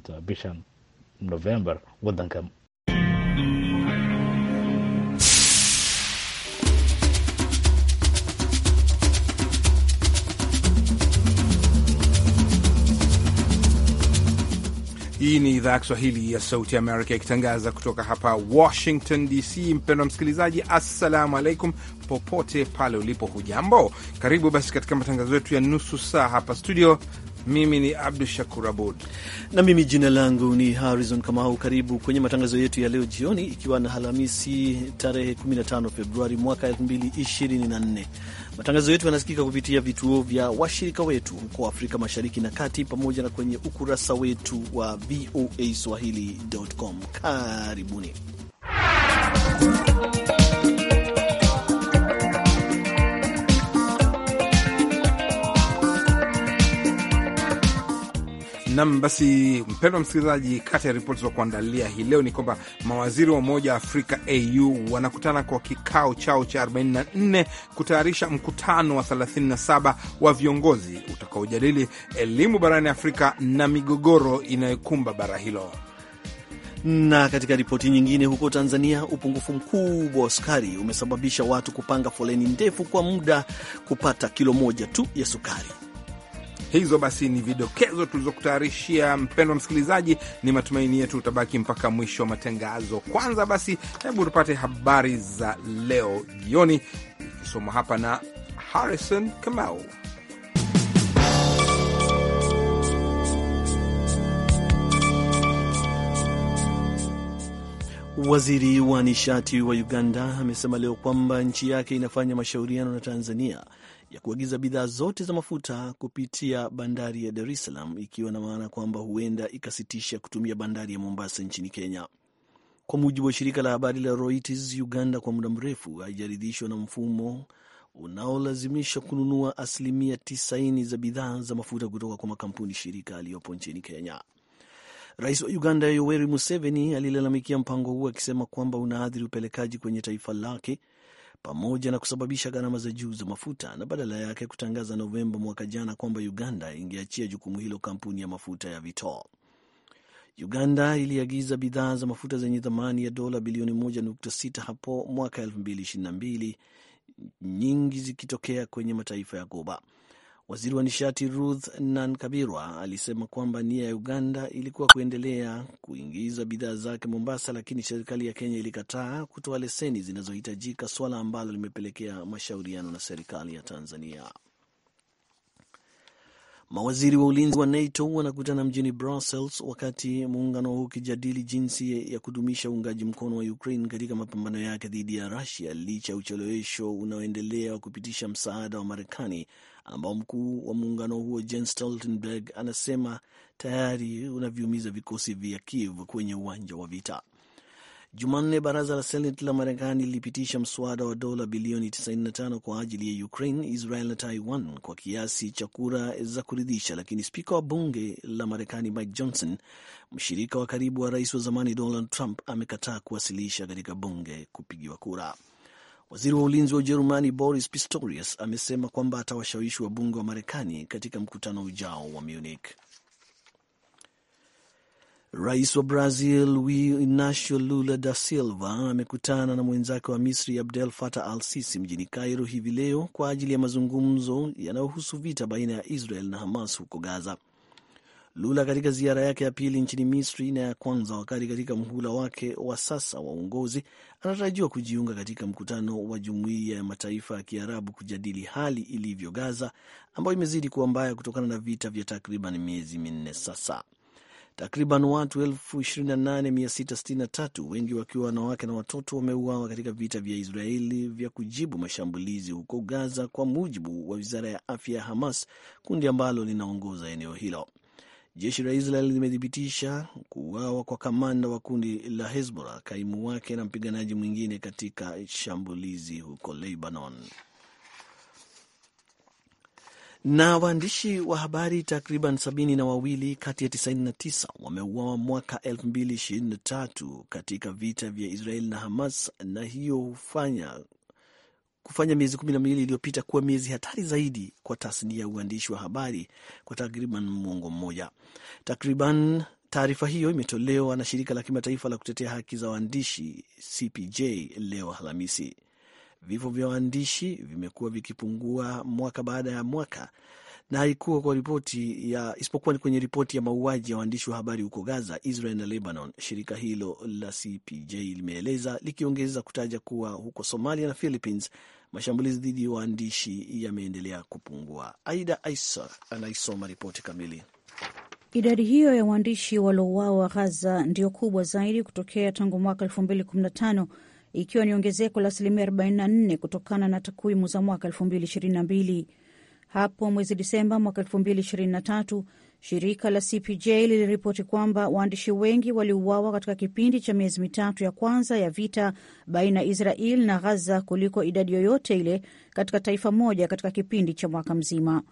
doonta uh, bishan november wadanka. Hii ni idhaa ya Kiswahili ya Sauti Amerika ikitangaza kutoka hapa Washington DC. Mpendwa msikilizaji, assalamu alaikum popote pale ulipo, hujambo? Karibu basi katika matangazo yetu ya nusu saa hapa studio mimi ni Abdu Shakur Abud na mimi jina langu ni Harrison Kamau. Karibu kwenye matangazo yetu ya leo jioni, ikiwa na Alhamisi tarehe 15 Februari mwaka 2024. Matangazo yetu yanasikika kupitia vituo vya washirika wetu huko Afrika Mashariki na Kati, pamoja na kwenye ukurasa wetu wa VOA Swahili.com. Karibuni Nam basi, mpendwa msikilizaji, kati ya ripoti za kuandalia hii leo ni kwamba mawaziri wa Umoja wa Afrika au wanakutana kwa kikao chao cha 44 kutayarisha mkutano wa 37 wa viongozi utakaojadili elimu barani Afrika na migogoro inayokumba bara hilo. Na katika ripoti nyingine, huko Tanzania, upungufu mkubwa wa sukari umesababisha watu kupanga foleni ndefu kwa muda kupata kilo moja tu ya sukari. Hizo basi ni vidokezo tulizokutayarishia mpendwa msikilizaji, ni matumaini yetu utabaki mpaka mwisho wa matangazo. Kwanza basi, hebu tupate habari za leo jioni, ikisomwa hapa na Harrison Kamau. Waziri wa nishati wa Uganda amesema leo kwamba nchi yake inafanya mashauriano na Tanzania ya kuagiza bidhaa zote za mafuta kupitia bandari ya Dar es Salaam, ikiwa na maana kwamba huenda ikasitisha kutumia bandari ya Mombasa nchini Kenya. Kwa mujibu wa shirika la habari la Reuters, Uganda kwa muda mrefu haijaridhishwa na mfumo unaolazimisha kununua asilimia 90 za bidhaa za mafuta kutoka kwa makampuni shirika aliyopo nchini Kenya. Rais wa Uganda Yoweri Museveni alilalamikia mpango huo akisema kwamba unaathiri upelekaji kwenye taifa lake pamoja na kusababisha gharama za juu za mafuta na badala yake kutangaza Novemba mwaka jana kwamba Uganda ingeachia jukumu hilo kampuni ya mafuta ya Vitol. Uganda iliagiza bidhaa za mafuta zenye thamani ya dola bilioni 1.6 hapo mwaka 2022, nyingi zikitokea kwenye mataifa ya Goba. Waziri wa nishati Ruth Nankabirwa alisema kwamba nia ya Uganda ilikuwa kuendelea kuingiza bidhaa zake Mombasa, lakini serikali ya Kenya ilikataa kutoa leseni zinazohitajika, suala ambalo limepelekea mashauriano na serikali ya Tanzania. Mawaziri wa ulinzi wa NATO wanakutana mjini Brussels wakati muungano huu ukijadili jinsi ya kudumisha uungaji mkono wa Ukraine katika mapambano yake dhidi ya rasia licha ya uchelewesho unaoendelea wa kupitisha msaada wa Marekani ambao mkuu wa muungano huo Jens Stoltenberg anasema tayari unavyumiza vikosi vya Kiev kwenye uwanja wa vita. Jumanne, baraza la Seneti la Marekani lilipitisha mswada wa dola bilioni 95 kwa ajili ya Ukraine, Israel na Taiwan kwa kiasi cha kura za kuridhisha, lakini spika wa bunge la Marekani Mike Johnson, mshirika wa karibu wa rais wa zamani Donald Trump, amekataa kuwasilisha katika bunge kupigiwa kura. Waziri wa ulinzi wa Ujerumani Boris Pistorius amesema kwamba atawashawishi wabunge wa Marekani katika mkutano ujao wa Munich. Rais wa Brazil Luiz Inacio Lula da Silva amekutana na mwenzake wa Misri Abdel Fattah al Sisi mjini Cairo hivi leo kwa ajili ya mazungumzo yanayohusu vita baina ya Israel na Hamas huko Gaza. Lula katika ziara yake ya pili nchini Misri na ya kwanza wakati katika mhula wake wa sasa wa uongozi, anatarajiwa kujiunga katika mkutano wa Jumuiya ya Mataifa ya Kiarabu kujadili hali ilivyo Gaza, ambayo imezidi kuwa mbaya kutokana na vita vya takriban miezi minne sasa. Takriban watu 28663 wengi wakiwa wanawake na watoto wameuawa katika vita vya Israeli vya kujibu mashambulizi huko Gaza, kwa mujibu wa wizara ya afya ya Hamas, kundi ambalo linaongoza eneo hilo. Jeshi la Israel limethibitisha kuuawa kwa kamanda wa kundi la Hezbollah, kaimu wake na mpiganaji mwingine katika shambulizi huko Lebanon. Na waandishi wa habari takriban sabini na wawili kati ya 99 wameuawa mwaka tatu katika vita vya Israel na Hamas, na hiyo hufanya kufanya miezi kumi na miwili iliyopita kuwa miezi hatari zaidi kwa tasnia ya uandishi wa habari kwa takriban mwongo mmoja. Takriban taarifa hiyo imetolewa na shirika la kimataifa la kutetea haki za waandishi CPJ leo Alhamisi. Vifo vya waandishi vimekuwa vikipungua mwaka baada ya mwaka na haikuwa kwa ripoti ya isipokuwa kwenye ripoti ya mauaji ya waandishi wa habari huko Gaza, Israel na Lebanon, shirika hilo la CPJ limeeleza likiongeza kutaja kuwa huko Somalia na Philippines mashambulizi dhidi ya waandishi yameendelea kupungua. Aida Aisa anaisoma ripoti kamili. Idadi hiyo ya waandishi waliouawa Gaza ndiyo kubwa zaidi kutokea tangu mwaka 2015 ikiwa ni ongezeko la asilimia 44 kutokana na takwimu za mwaka 2022. Hapo mwezi Disemba mwaka 2023 shirika la CPJ liliripoti kwamba waandishi wengi waliuawa katika kipindi cha miezi mitatu ya kwanza ya vita baina ya Israel na Ghaza kuliko idadi yoyote ile katika taifa moja katika kipindi cha mwaka mzima.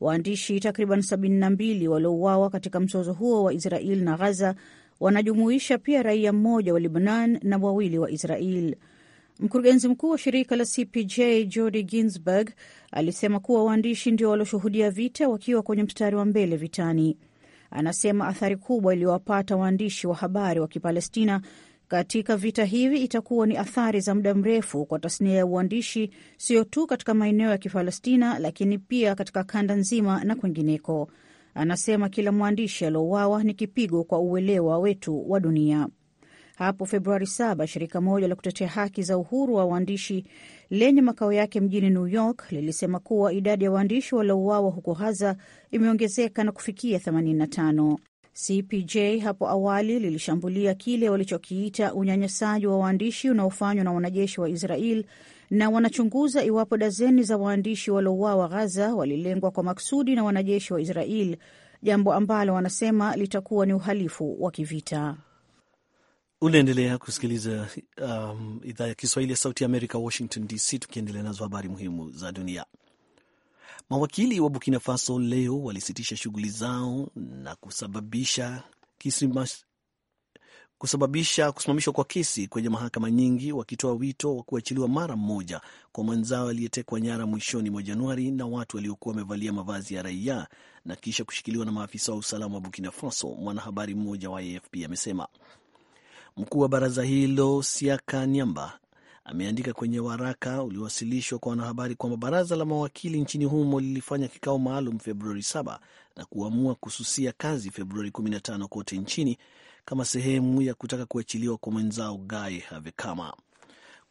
Waandishi takriban 72 waliouawa katika mzozo huo wa Israel na Ghaza wanajumuisha pia raia mmoja wa Lebanon na wawili wa Israel. Mkurugenzi mkuu wa shirika la CPJ Jodi ginsburg Alisema kuwa waandishi ndio walioshuhudia vita wakiwa kwenye mstari wa mbele vitani. Anasema athari kubwa iliyowapata waandishi wa habari wa Kipalestina katika vita hivi itakuwa ni athari za muda mrefu kwa tasnia ya uandishi, sio tu katika maeneo ya Kipalestina, lakini pia katika kanda nzima na kwengineko. Anasema kila mwandishi aliouawa ni kipigo kwa uelewa wetu wa dunia. Hapo Februari 7 shirika moja la kutetea haki za uhuru wa waandishi lenye makao yake mjini New York lilisema kuwa idadi ya waandishi waliouawa huko ghaza imeongezeka na kufikia 85. CPJ hapo awali lilishambulia kile walichokiita unyanyasaji wa waandishi unaofanywa na wanajeshi wa Israel na wanachunguza iwapo dazeni za waandishi waliouawa ghaza walilengwa kwa maksudi na wanajeshi wa Israel, jambo ambalo wanasema litakuwa ni uhalifu wa kivita. Unaendelea kusikiliza um, idhaa ya Kiswahili ya Sauti ya Amerika, Washington DC, tukiendelea nazo habari muhimu za dunia. Mawakili wa Burkina Faso leo walisitisha shughuli zao na kusababisha kisimas kusababisha kusimamishwa kwa kesi kwenye mahakama nyingi, wakitoa wito wa kuachiliwa mara mmoja kwa mwenzao aliyetekwa nyara mwishoni mwa Januari na watu waliokuwa wamevalia mavazi ya raia na kisha kushikiliwa na maafisa wa usalama wa Burkina Faso. Mwanahabari mmoja wa AFP amesema Mkuu wa baraza hilo Siaka nyamba ameandika kwenye waraka uliowasilishwa kwa wanahabari kwamba baraza la mawakili nchini humo lilifanya kikao maalum Februari 7 na kuamua kususia kazi Februari 15 kote nchini kama sehemu ya kutaka kuachiliwa kwa mwenzao Guy Havekama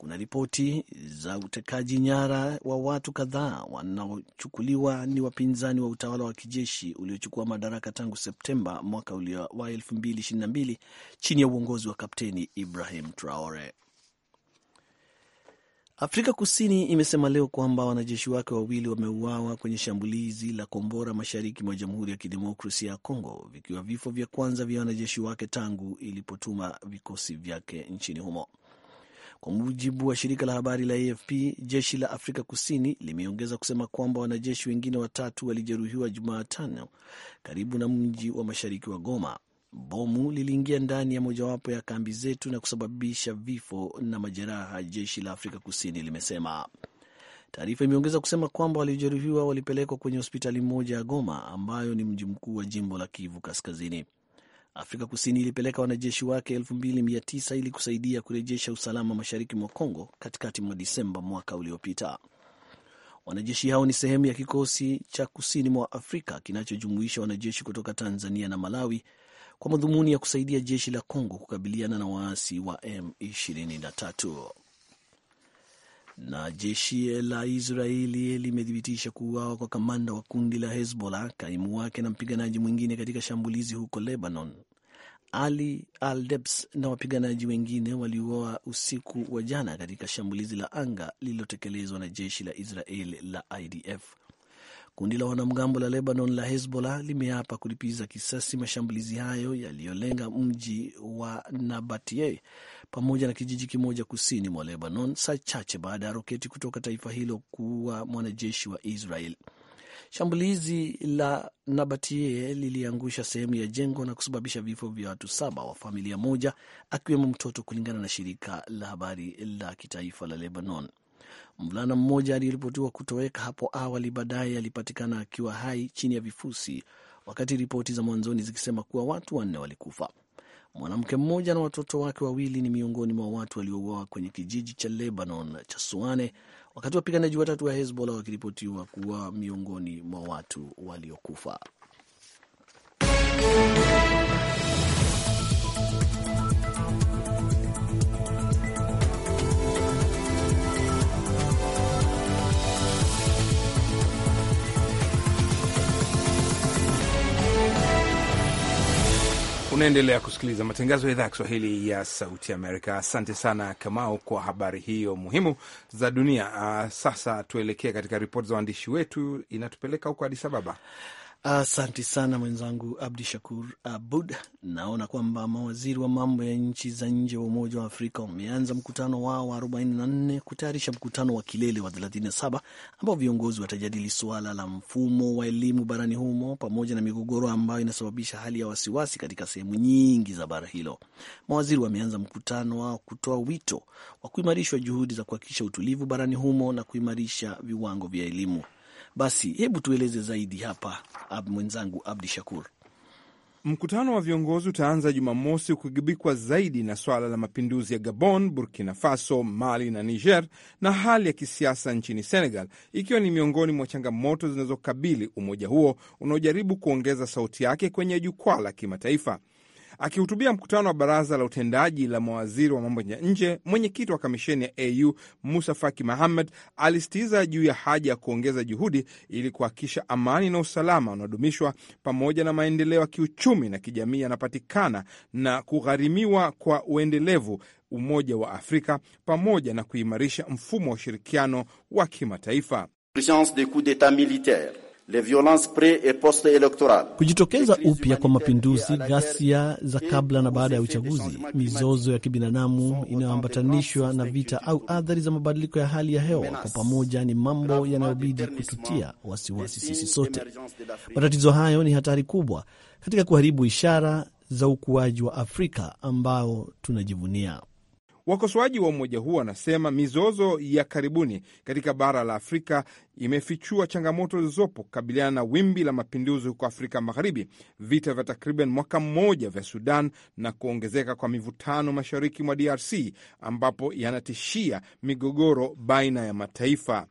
kuna ripoti za utekaji nyara wa watu kadhaa wanaochukuliwa ni wapinzani wa utawala wa kijeshi uliochukua madaraka tangu Septemba mwaka wa 2022 chini ya uongozi wa Kapteni Ibrahim Traore. Afrika Kusini imesema leo kwamba wanajeshi wake wawili wameuawa kwenye shambulizi la kombora mashariki mwa Jamhuri ya Kidemokrasia ya Kongo, vikiwa vifo vya kwanza vya wanajeshi wake tangu ilipotuma vikosi vyake nchini humo. Kwa mujibu wa shirika la habari la AFP, jeshi la Afrika Kusini limeongeza kusema kwamba wanajeshi wengine watatu walijeruhiwa Jumatano karibu na mji wa mashariki wa Goma. Bomu liliingia ndani ya mojawapo ya kambi zetu na kusababisha vifo na majeraha, jeshi la Afrika Kusini limesema. Taarifa imeongeza kusema kwamba waliojeruhiwa walipelekwa kwenye hospitali moja ya Goma ambayo ni mji mkuu wa jimbo la Kivu Kaskazini. Afrika Kusini ilipeleka wanajeshi wake 2900 ili kusaidia kurejesha usalama mashariki mwa Kongo katikati mwa Disemba mwaka uliopita. Wanajeshi hao ni sehemu ya kikosi cha kusini mwa Afrika kinachojumuisha wanajeshi kutoka Tanzania na Malawi kwa madhumuni ya kusaidia jeshi la Kongo kukabiliana na waasi wa M23. Na jeshi la Israeli limethibitisha kuuawa kwa kamanda wa kundi la Hezbollah, kaimu wake na mpiganaji mwingine katika shambulizi huko Lebanon. Ali Al-Debs na wapiganaji wengine waliuawa usiku wa jana katika shambulizi la anga lililotekelezwa na jeshi la Israeli la IDF. Kundi la wanamgambo la Lebanon la Hezbollah limeapa kulipiza kisasi mashambulizi hayo yaliyolenga mji wa Nabatie pamoja na kijiji kimoja kusini mwa Lebanon, saa chache baada ya roketi kutoka taifa hilo kuua mwanajeshi wa Israel. Shambulizi la Nabatie liliangusha sehemu ya jengo na kusababisha vifo vya watu saba wa familia moja, akiwemo mtoto, kulingana na shirika la habari la kitaifa la Lebanon. Mvulana mmoja aliyeripotiwa kutoweka hapo awali baadaye alipatikana akiwa hai chini ya vifusi, wakati ripoti za mwanzoni zikisema kuwa watu wanne walikufa. Mwanamke mmoja na watoto wake wawili ni miongoni mwa watu waliouawa kwenye kijiji cha Lebanon cha Suane, wakati wapiganaji watatu wa Hezbollah wakiripotiwa kuwa miongoni mwa watu waliokufa. Unaendelea kusikiliza matangazo ya idhaa ya Kiswahili ya Sauti Amerika. Asante sana Kamau kwa habari hiyo muhimu za dunia. Ah, sasa tuelekee katika ripoti za waandishi wetu, inatupeleka huko Adis Ababa. Asanti sana mwenzangu Abdi Shakur Abud. Naona kwamba mawaziri wa mambo ya nchi za nje wa Umoja wa Afrika wameanza mkutano wao wa 44 kutayarisha mkutano wa kilele wa 37 ambao viongozi watajadili suala la mfumo wa elimu barani humo pamoja na migogoro ambayo inasababisha hali ya wasiwasi katika sehemu nyingi za bara hilo. Mawaziri wameanza mkutano wao kutoa wito wa kuimarishwa juhudi za kuhakikisha utulivu barani humo na kuimarisha viwango vya elimu. Basi hebu tueleze zaidi hapa, ab mwenzangu Abdi Shakur. Mkutano wa viongozi utaanza Jumamosi ukigubikwa zaidi na swala la mapinduzi ya Gabon, Burkina Faso, Mali na Niger na hali ya kisiasa nchini Senegal, ikiwa ni miongoni mwa changamoto zinazokabili umoja huo unaojaribu kuongeza sauti yake kwenye jukwaa la kimataifa. Akihutubia mkutano wa baraza la utendaji la mawaziri wa mambo ya nje, mwenyekiti wa kamisheni ya AU Musa Faki Mahamad alisitiza juu ya haja ya kuongeza juhudi ili kuhakikisha amani na usalama wanaodumishwa pamoja na maendeleo ya kiuchumi na kijamii yanapatikana na kugharimiwa kwa uendelevu Umoja wa Afrika pamoja na kuimarisha mfumo wa ushirikiano wa kimataifa. Kujitokeza upya kwa mapinduzi, ghasia za kabla na baada ya uchaguzi, mizozo ya kibinadamu inayoambatanishwa na vita au athari za mabadiliko ya hali ya hewa, kwa pamoja ni mambo yanayobidi kututia wasiwasi sisi sote. Matatizo hayo ni hatari kubwa katika kuharibu ishara za ukuaji wa Afrika ambao tunajivunia. Wakosoaji wa umoja huo wanasema mizozo ya karibuni katika bara la Afrika imefichua changamoto zilizopo kukabiliana na wimbi la mapinduzi huko Afrika Magharibi, vita vya takriban mwaka mmoja vya Sudan na kuongezeka kwa mivutano mashariki mwa DRC ambapo yanatishia migogoro baina ya mataifa.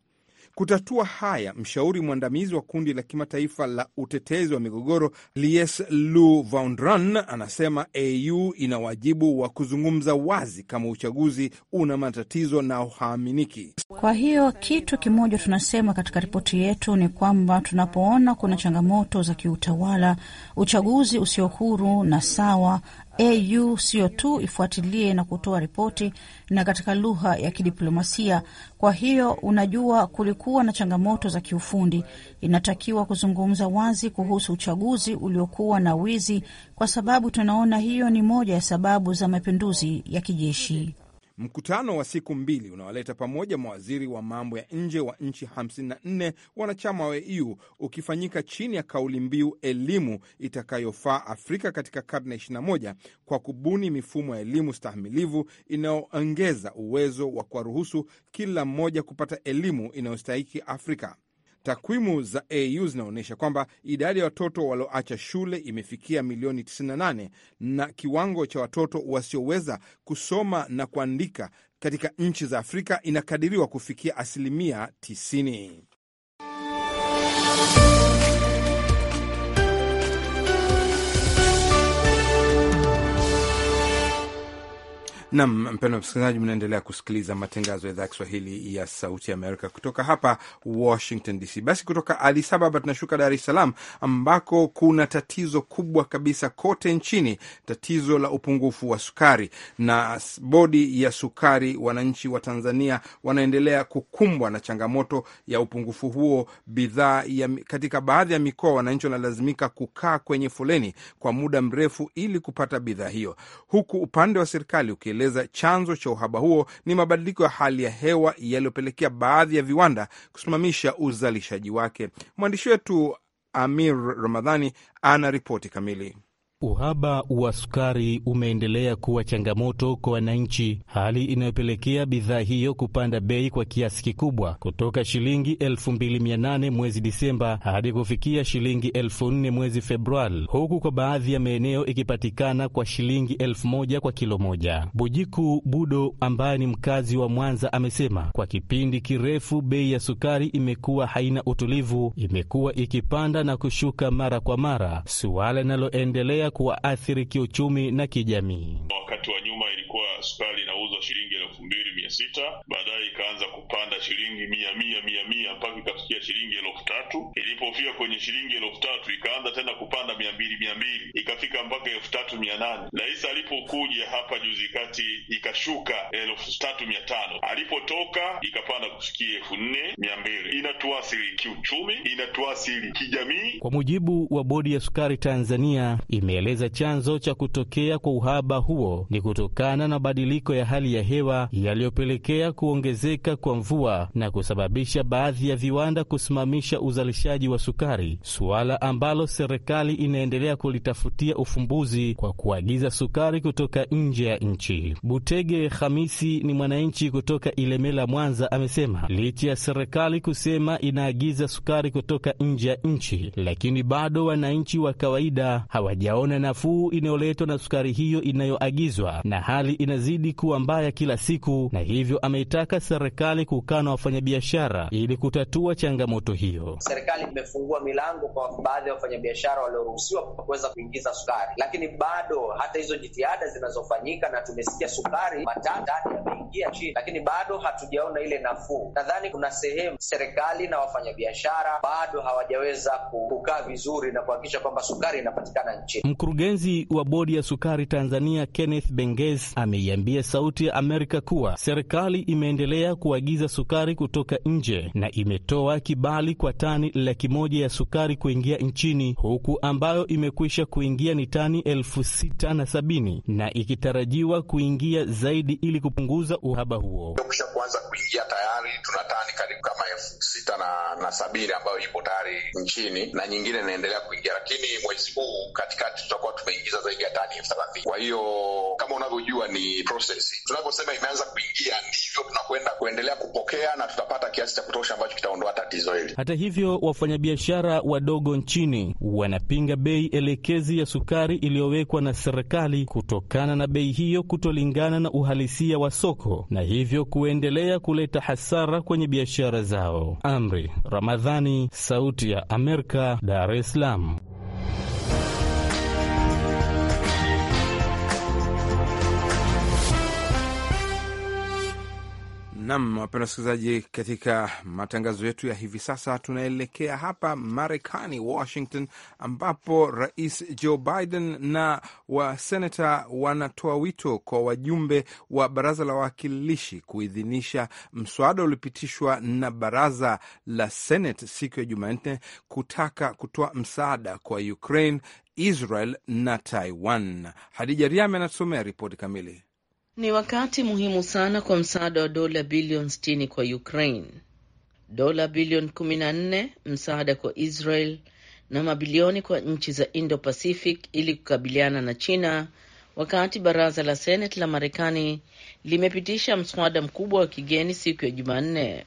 Kutatua haya, mshauri mwandamizi wa kundi la kimataifa la utetezi wa migogoro Lies Lu Vaundran anasema AU ina wajibu wa kuzungumza wazi kama uchaguzi una matatizo na uhaaminiki. Kwa hiyo kitu kimoja tunasema katika ripoti yetu ni kwamba tunapoona kuna changamoto za kiutawala, uchaguzi usio huru na sawa AU sio tu ifuatilie na kutoa ripoti na katika lugha ya kidiplomasia. Kwa hiyo unajua, kulikuwa na changamoto za kiufundi. Inatakiwa kuzungumza wazi kuhusu uchaguzi uliokuwa na wizi, kwa sababu tunaona hiyo ni moja ya sababu za mapinduzi ya kijeshi. Mkutano wa siku mbili unawaleta pamoja mawaziri wa mambo ya nje wa nchi 54 wanachama wa EU ukifanyika chini ya kauli mbiu elimu itakayofaa Afrika katika karne 21 kwa kubuni mifumo ya elimu stahimilivu inayoongeza uwezo wa kuwaruhusu kila mmoja kupata elimu inayostahiki Afrika. Takwimu za AU zinaonyesha kwamba idadi ya watoto walioacha shule imefikia milioni 98 na kiwango cha watoto wasioweza kusoma na kuandika katika nchi za Afrika inakadiriwa kufikia asilimia 90. Nam mpendo msikilizaji, mnaendelea kusikiliza matangazo ya idhaa ya Kiswahili ya Sauti ya Amerika kutoka hapa Washington DC. Basi kutoka Adis Ababa tunashuka Dar es Salaam, ambako kuna tatizo kubwa kabisa kote nchini, tatizo la upungufu wa sukari. Na bodi ya sukari, wananchi wa Tanzania wanaendelea kukumbwa na changamoto ya upungufu huo bidhaa katika baadhi ya mikoa. Wananchi wanalazimika kukaa kwenye foleni kwa muda mrefu ili kupata bidhaa hiyo, huku upande wa serikali ukieleza inaeleza chanzo cha uhaba huo ni mabadiliko ya hali ya hewa yaliyopelekea baadhi ya viwanda kusimamisha uzalishaji wake. Mwandishi wetu Amir Ramadhani ana ripoti kamili. Uhaba wa sukari umeendelea kuwa changamoto kwa wananchi, hali inayopelekea bidhaa hiyo kupanda bei kwa kiasi kikubwa kutoka shilingi 2800 mwezi Disemba hadi kufikia shilingi 4000 mwezi Februari, huku kwa baadhi ya maeneo ikipatikana kwa shilingi 1000 kwa kilo moja. Bujiku Budo ambaye ni mkazi wa Mwanza amesema kwa kipindi kirefu bei ya sukari imekuwa haina utulivu, imekuwa ikipanda na kushuka mara kwa mara, suala linaloendelea kuwaathiri kiuchumi na kijamii. Wakati wa nyuma ilikuwa sukari inauzwa shilingi elfu mbili mia sita baadaye ikaanza kupanda shilingi mia mia mia mia mpaka ikafikia shilingi elfu tatu Ilipofika kwenye shilingi elfu tatu ikaanza tena kupanda mia mbili mia mbili ikafika mpaka elfu tatu mia nane Rais alipokuja hapa juzi kati ikashuka elfu tatu mia tano alipotoka ikapanda kufikia elfu nne mia mbili Inatuathiri kiuchumi, inatuathiri kijamii. Kwa mujibu wa bodi ya sukari Tanzania ime Alieleza chanzo cha kutokea kwa uhaba huo ni kutokana na mabadiliko ya hali ya hewa yaliyopelekea kuongezeka kwa mvua na kusababisha baadhi ya viwanda kusimamisha uzalishaji wa sukari, suala ambalo serikali inaendelea kulitafutia ufumbuzi kwa kuagiza sukari kutoka nje ya nchi. Butege Hamisi ni mwananchi kutoka Ilemela, Mwanza, amesema licha ya serikali kusema inaagiza sukari kutoka nje ya nchi, lakini bado wananchi wa kawaida hawajaona kuna nafuu inayoletwa na sukari hiyo inayoagizwa, na hali inazidi kuwa mbaya kila siku, na hivyo ameitaka serikali kukaa na wafanyabiashara ili kutatua changamoto hiyo. Serikali imefungua milango kwa baadhi ya wafanyabiashara walioruhusiwa kuweza kuingiza sukari, lakini bado hata hizo jitihada zinazofanyika, na tumesikia sukari matata yameingia chini lakini bado hatujaona ile nafuu. Nadhani kuna sehemu serikali na wafanyabiashara bado hawajaweza kukaa vizuri na kuhakikisha kwamba sukari inapatikana nchini. Mkurugenzi wa bodi ya sukari Tanzania Kenneth Benges ameiambia Sauti ya Amerika kuwa serikali imeendelea kuagiza sukari kutoka nje na imetoa kibali kwa tani laki moja ya sukari kuingia nchini, huku ambayo imekwisha kuingia ni tani elfu sita na sabini na ikitarajiwa kuingia zaidi ili kupunguza uhaba huo. Kisha kuanza kuingia tayari tuna tani karibu kama elfu sita na, na sabini ambayo ipo tayari nchini na nyingine inaendelea kuingia, lakini mwezi huu katikati tutakuwa tumeingiza zaidi ya tani elfu thelathini. Kwa hiyo kama unavyojua ni prosesi tunavyosema imeanza kuingia, ndivyo tunakwenda kuendelea kupokea na tutapata kiasi cha kutosha ambacho kitaondoa tatizo hili. Hata hivyo, wafanyabiashara wadogo nchini wanapinga bei elekezi ya sukari iliyowekwa na serikali kutokana na bei hiyo kutolingana na uhalisia wa soko na hivyo kuendelea kuleta hasara kwenye biashara zao. Amri Ramadhani, Sauti ya Amerika, Dar es Salaam. Nam, wapenda wasikilizaji, katika matangazo yetu ya hivi sasa tunaelekea hapa Marekani, Washington, ambapo Rais Joe Biden na wasenata wanatoa wito kwa wajumbe wa baraza la wawakilishi kuidhinisha mswada uliopitishwa na baraza la Senate siku ya Jumanne kutaka kutoa msaada kwa Ukraine, Israel na Taiwan. Hadija Riame anatusomea ripoti kamili. Ni wakati muhimu sana kwa msaada wa dola bilioni 60 kwa Ukraine, dola bilioni nne msaada kwa Israel na mabilioni kwa nchi za Indo-Pacific ili kukabiliana na China, wakati baraza la Seneti la Marekani limepitisha mswada mkubwa wa kigeni siku ya Jumanne.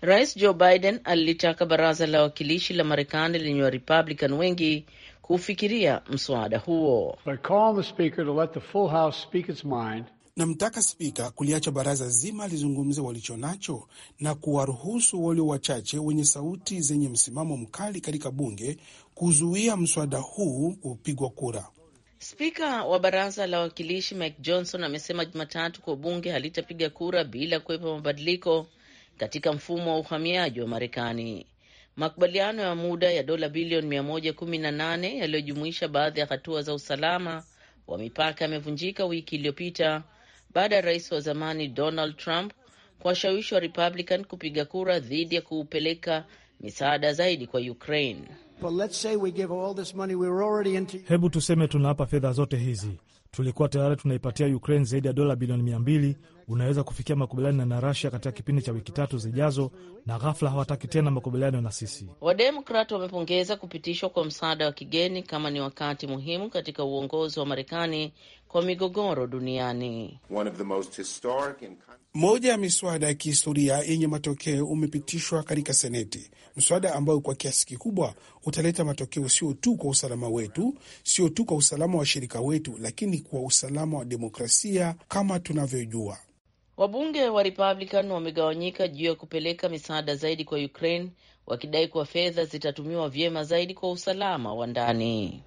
Rais Joe Biden alilitaka baraza la wakilishi la Marekani lenye Warepublican wengi kufikiria mswada huo. Namtaka Spika kuliacha baraza zima lizungumze walicho nacho na kuwaruhusu walio wachache wenye sauti zenye msimamo mkali katika bunge kuzuia mswada huu kupigwa kura. Spika wa baraza la wawakilishi Mike Johnson amesema Jumatatu kuwa bunge halitapiga kura bila kuwepo mabadiliko katika mfumo wa uhamiaji wa Marekani. Makubaliano ya muda ya dola bilioni 118 yaliyojumuisha baadhi ya hatua za usalama wa mipaka yamevunjika wiki iliyopita baada ya rais wa zamani Donald Trump kuwashawishi wa Republican kupiga kura dhidi ya kuupeleka misaada zaidi kwa Ukraine. Hebu tuseme tunawapa fedha zote hizi, tulikuwa tayari tunaipatia Ukraine zaidi ya dola bilioni mia mbili. Unaweza kufikia makubaliano na Rasia katika kipindi cha wiki tatu zijazo na ghafla hawataki tena makubaliano na sisi. Wademokrat wamepongeza kupitishwa kwa msaada wa kigeni kama ni wakati muhimu katika uongozi wa Marekani kwa migogoro duniani. Moja ya miswada ya kihistoria yenye matokeo umepitishwa katika Seneti, mswada ambayo kwa kiasi kikubwa utaleta matokeo sio tu kwa usalama wetu, sio tu kwa usalama wa washirika wetu, lakini kwa usalama wa demokrasia kama tunavyojua. Wabunge wa Republican wamegawanyika juu ya kupeleka misaada zaidi kwa Ukraine wakidai kuwa fedha zitatumiwa vyema zaidi kwa usalama wa ndani.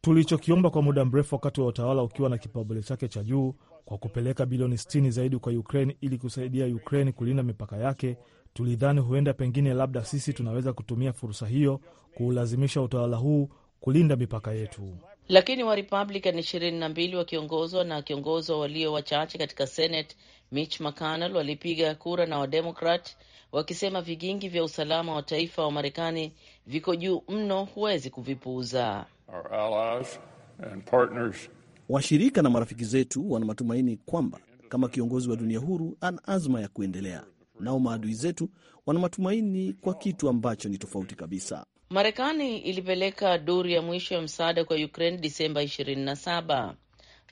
Tulichokiomba kwa muda mrefu wakati wa utawala ukiwa na kipaumbele chake cha juu kwa kupeleka bilioni 60 zaidi kwa Ukraine ili kusaidia Ukraine kulinda mipaka yake. Tulidhani huenda pengine labda sisi tunaweza kutumia fursa hiyo kuulazimisha utawala huu kulinda mipaka yetu lakini Warepublican ishirini na mbili wakiongozwa na kiongozi wa walio wachache katika Senate Mitch McConnell walipiga kura na Wademokrat wakisema vigingi vya usalama wa taifa wa Marekani viko juu mno, huwezi kuvipuuza. Washirika na marafiki zetu wana matumaini kwamba kama kiongozi wa dunia huru ana azma ya kuendelea, nao maadui zetu wana matumaini kwa kitu ambacho ni tofauti kabisa. Marekani ilipeleka duru ya mwisho ya msaada kwa Ukraine Disemba 27.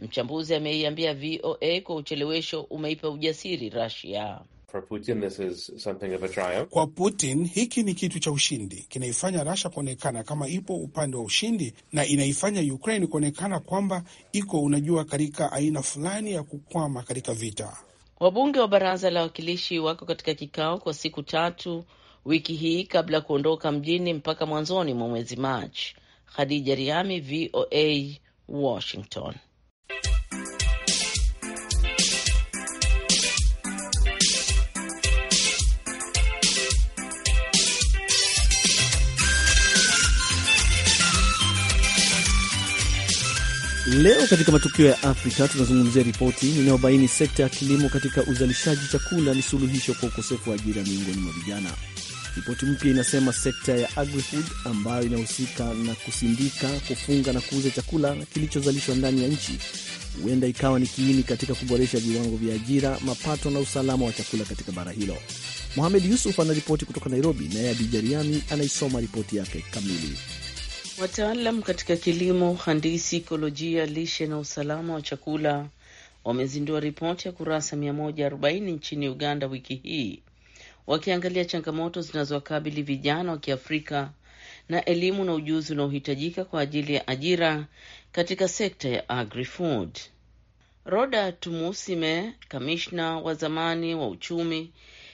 Mchambuzi ameiambia VOA kwa uchelewesho umeipa ujasiri Russia. Putin, this is something of a triumph. Kwa Putin hiki ni kitu cha ushindi, kinaifanya Rasha kuonekana kama ipo upande wa ushindi na inaifanya Ukraine kuonekana kwamba iko, unajua, katika aina fulani ya kukwama katika vita. Wabunge wa baraza la wawakilishi wako katika kikao kwa siku tatu wiki hii kabla ya kuondoka mjini mpaka mwanzoni mwa mwezi Machi. Khadija Riami, VOA Washington. Leo katika matukio ya Afrika tunazungumzia ripoti inayobaini sekta ya kilimo katika uzalishaji chakula ni suluhisho kwa ukosefu wa ajira miongoni mwa vijana. Ripoti mpya inasema sekta ya agrifood ambayo inahusika na kusindika, kufunga na kuuza chakula kilichozalishwa ndani ya nchi huenda ikawa ni kiini katika kuboresha viwango vya ajira, mapato na usalama wa chakula katika bara hilo. Mohamed Yusuf anaripoti kutoka Nairobi, naye Adija Riami anaisoma ripoti yake kamili. Wataalam katika kilimo, uhandisi, ikolojia lishe na usalama wa chakula wamezindua ripoti ya kurasa 140 nchini Uganda wiki hii wakiangalia changamoto zinazowakabili vijana wa Kiafrika na elimu na ujuzi unaohitajika kwa ajili ya ajira katika sekta ya agri-food. Roda Tumusime, kamishna wa zamani wa uchumi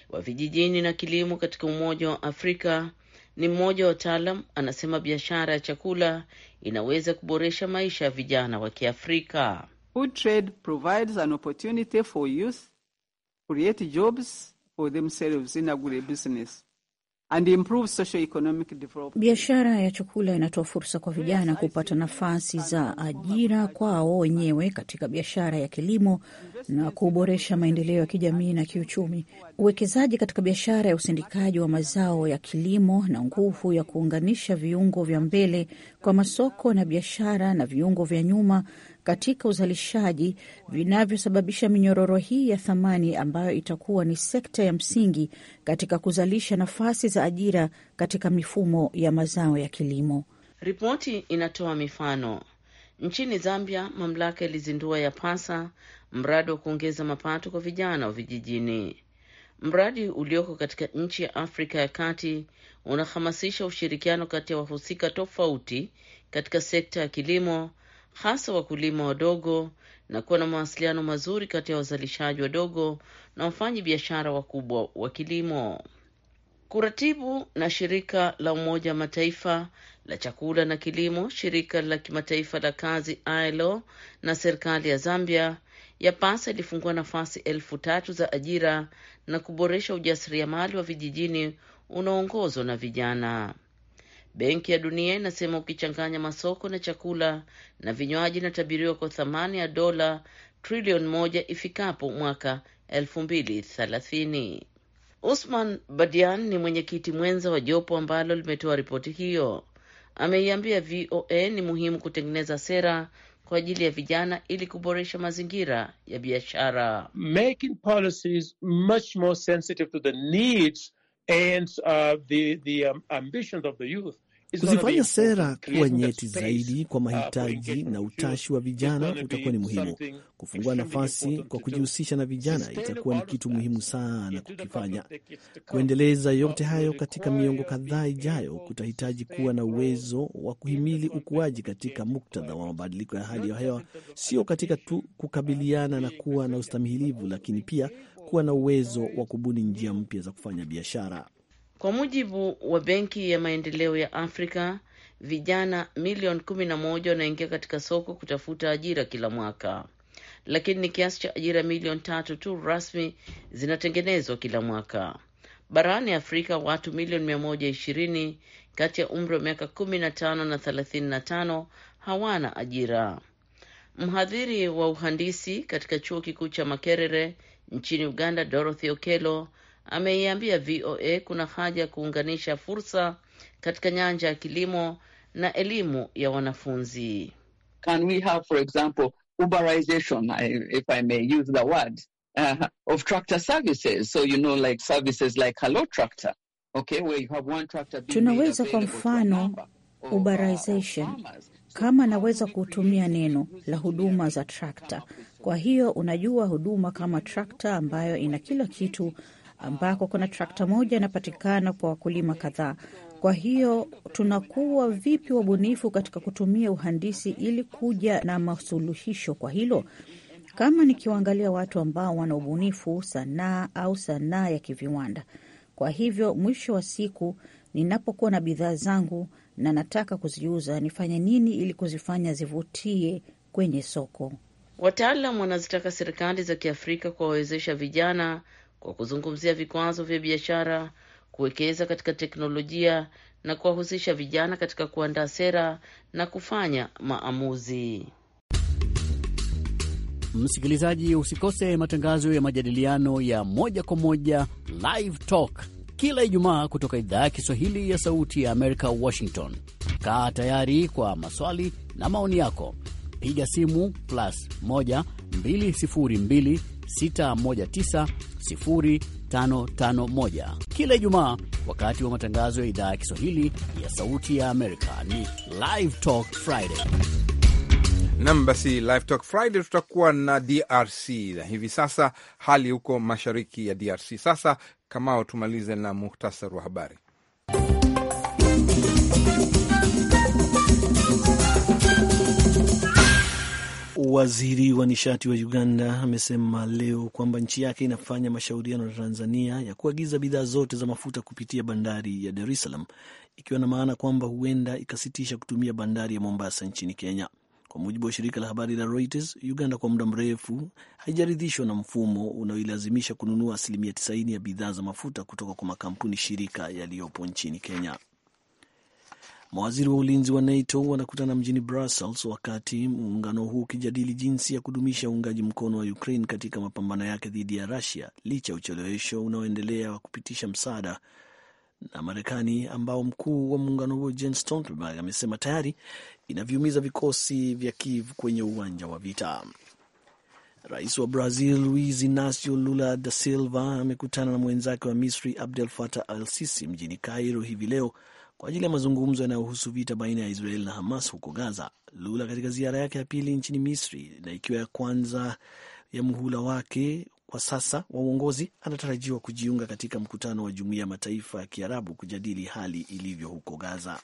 wa vijijini na kilimo katika Umoja wa Afrika, ni mmoja wa wataalam. Anasema biashara ya chakula inaweza kuboresha maisha ya vijana wa Kiafrika. Food trade provides an opportunity for youth, create jobs for themselves in agribusiness. And improve socio-economic development. Biashara ya chakula inatoa fursa kwa vijana kupata nafasi za ajira kwao wenyewe katika biashara ya kilimo na kuboresha maendeleo ya kijamii na kiuchumi. Uwekezaji katika biashara ya usindikaji wa mazao ya kilimo na nguvu ya kuunganisha viungo vya mbele kwa masoko na biashara na viungo vya nyuma katika uzalishaji vinavyosababisha minyororo hii ya thamani ambayo itakuwa ni sekta ya msingi katika kuzalisha nafasi za ajira katika mifumo ya mazao ya kilimo. Ripoti inatoa mifano. Nchini Zambia, mamlaka ilizindua pasa mradi wa kuongeza mapato kwa vijana wa vijijini. Mradi ulioko katika nchi ya Afrika ya Kati unahamasisha ushirikiano kati ya wahusika tofauti katika sekta ya kilimo hasa wakulima wadogo na kuwa na mawasiliano mazuri kati ya wazalishaji wadogo na wafanyi biashara wakubwa wa kilimo. Kuratibu na shirika la Umoja wa Mataifa la chakula na kilimo, shirika la kimataifa la kazi ILO na serikali ya Zambia ya pasa ilifungua nafasi elfu tatu za ajira na kuboresha ujasiriamali wa vijijini unaoongozwa na vijana. Benki ya Dunia inasema ukichanganya masoko na chakula na vinywaji inatabiriwa kwa thamani ya dola trilioni moja ifikapo mwaka elfu mbili thelathini. Usman Badian ni mwenyekiti mwenza wa jopo ambalo limetoa ripoti hiyo. Ameiambia VOA ni muhimu kutengeneza sera kwa ajili ya vijana ili kuboresha mazingira ya biashara. Making policies much more sensitive to the needs Uh, um, Kuzifanya sera kuwa nyeti zaidi kwa uh, mahitaji na utashi wa vijana utakuwa ni muhimu. Kufungua nafasi kwa kujihusisha na vijana itakuwa ni kitu muhimu sana kukifanya. Kuendeleza yote hayo katika miongo kadhaa ijayo kutahitaji kuwa na uwezo wa kuhimili ukuaji katika muktadha wa mabadiliko ya hali ya hewa, sio katika tu uh, kukabiliana na kuwa na ustamihilivu, lakini pia kuwa na uwezo wa kubuni njia mpya za kufanya biashara. Kwa mujibu wa Benki ya Maendeleo ya Afrika, vijana milioni kumi na moja wanaingia katika soko kutafuta ajira kila mwaka, lakini ni kiasi cha ajira milioni tatu tu rasmi zinatengenezwa kila mwaka. Barani Afrika, watu milioni mia moja ishirini kati ya umri wa miaka kumi na tano na thelathini na tano hawana ajira. Mhadhiri wa uhandisi katika chuo kikuu cha Makerere nchini Uganda, Dorothy Okello ameiambia VOA kuna haja ya kuunganisha fursa katika nyanja ya kilimo na elimu ya wanafunzi. Can we have for example uberization if I may use the word uh, of tractor services so you know like services like hello tractor okay where you have one tractor tunaweza kwa mfano uh, uberization kama naweza kutumia neno la huduma za trakta. Kwa hiyo unajua, huduma kama trakta ambayo ina kila kitu, ambako kuna trakta moja inapatikana kwa wakulima kadhaa. Kwa hiyo tunakuwa vipi wabunifu katika kutumia uhandisi ili kuja na masuluhisho kwa hilo? Kama nikiwaangalia watu ambao wana ubunifu sanaa au sanaa ya kiviwanda. Kwa hivyo mwisho wa siku, ninapokuwa na bidhaa zangu na nataka kuziuza, nifanye nini ili kuzifanya zivutie kwenye soko? Wataalam wanazitaka serikali za Kiafrika kuwawezesha vijana kwa kuzungumzia vikwazo vya biashara, kuwekeza katika teknolojia na kuwahusisha vijana katika kuandaa sera na kufanya maamuzi. Msikilizaji, usikose matangazo ya majadiliano ya moja kwa moja Live Talk kila Ijumaa kutoka idhaa ya Kiswahili ya Sauti ya Amerika, Washington. Kaa tayari kwa maswali na maoni yako, piga simu plus 1 kila Ijumaa wakati wa matangazo ya idhaa ya Kiswahili ya Sauti ya Amerika. Ni Live Talk Friday nam basi, Live Talk Friday tutakuwa na DRC na hivi sasa hali huko mashariki ya DRC. Sasa Kamao, tumalize na muhtasari wa habari. Waziri wa nishati wa Uganda amesema leo kwamba nchi yake inafanya mashauriano na Tanzania ya kuagiza bidhaa zote za mafuta kupitia bandari ya Dar es Salaam, ikiwa na maana kwamba huenda ikasitisha kutumia bandari ya Mombasa nchini Kenya. Kwa mujibu wa shirika la habari la Reuters, Uganda kwa muda mrefu haijaridhishwa na mfumo unaoilazimisha kununua asilimia 90 ya bidhaa za mafuta kutoka kwa makampuni shirika yaliyopo nchini Kenya. Mawaziri wa ulinzi wa NATO wanakutana mjini Brussels wakati muungano huu ukijadili jinsi ya kudumisha uungaji mkono wa Ukraine katika mapambano yake dhidi ya Russia licha ya uchelewesho unaoendelea wa kupitisha msaada na Marekani ambao mkuu wa muungano huo Jens Stoltenberg amesema tayari inavyumiza vikosi vya Kiev kwenye uwanja wa vita. Rais wa Brazil Luiz Inacio Lula da Silva amekutana na mwenzake wa Misri Abdel Fattah al Sisi mjini Cairo hivi leo kwa ajili ya mazungumzo yanayohusu vita baina ya Israel na Hamas huko Gaza. Lula katika ziara yake ya pili nchini Misri na ikiwa ya kwanza ya muhula wake kwa sasa wa uongozi anatarajiwa kujiunga katika mkutano wa Jumuiya ya Mataifa ya Kiarabu kujadili hali ilivyo huko Gaza.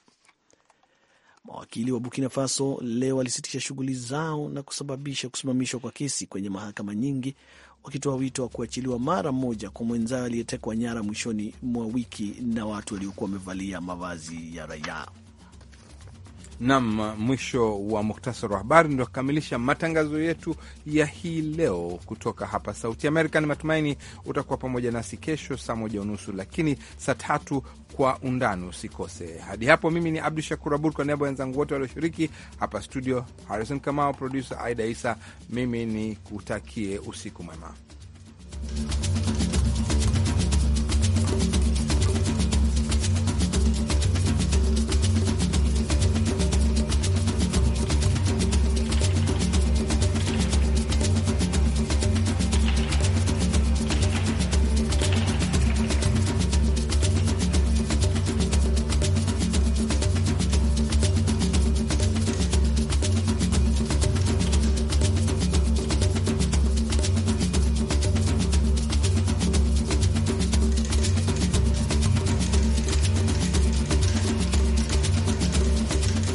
Mawakili wa Burkina Faso leo walisitisha shughuli zao na kusababisha kusimamishwa kwa kesi kwenye mahakama nyingi, wakitoa wito wa kuachiliwa mara moja kwa mwenzao aliyetekwa nyara mwishoni mwa wiki na watu waliokuwa wamevalia mavazi ya raia. Nam, mwisho wa muhtasari wa habari ndio kukamilisha matangazo yetu ya hii leo kutoka hapa Sauti Amerika. Ni matumaini utakuwa pamoja nasi kesho saa moja unusu, lakini saa tatu kwa undani usikose. Hadi hapo, mimi ni Abdu Shakur Abud kwa niaba ya wenzangu wote walioshiriki hapa studio, Harison kama produsa Aida Isa, mimi ni kutakie usiku mwema.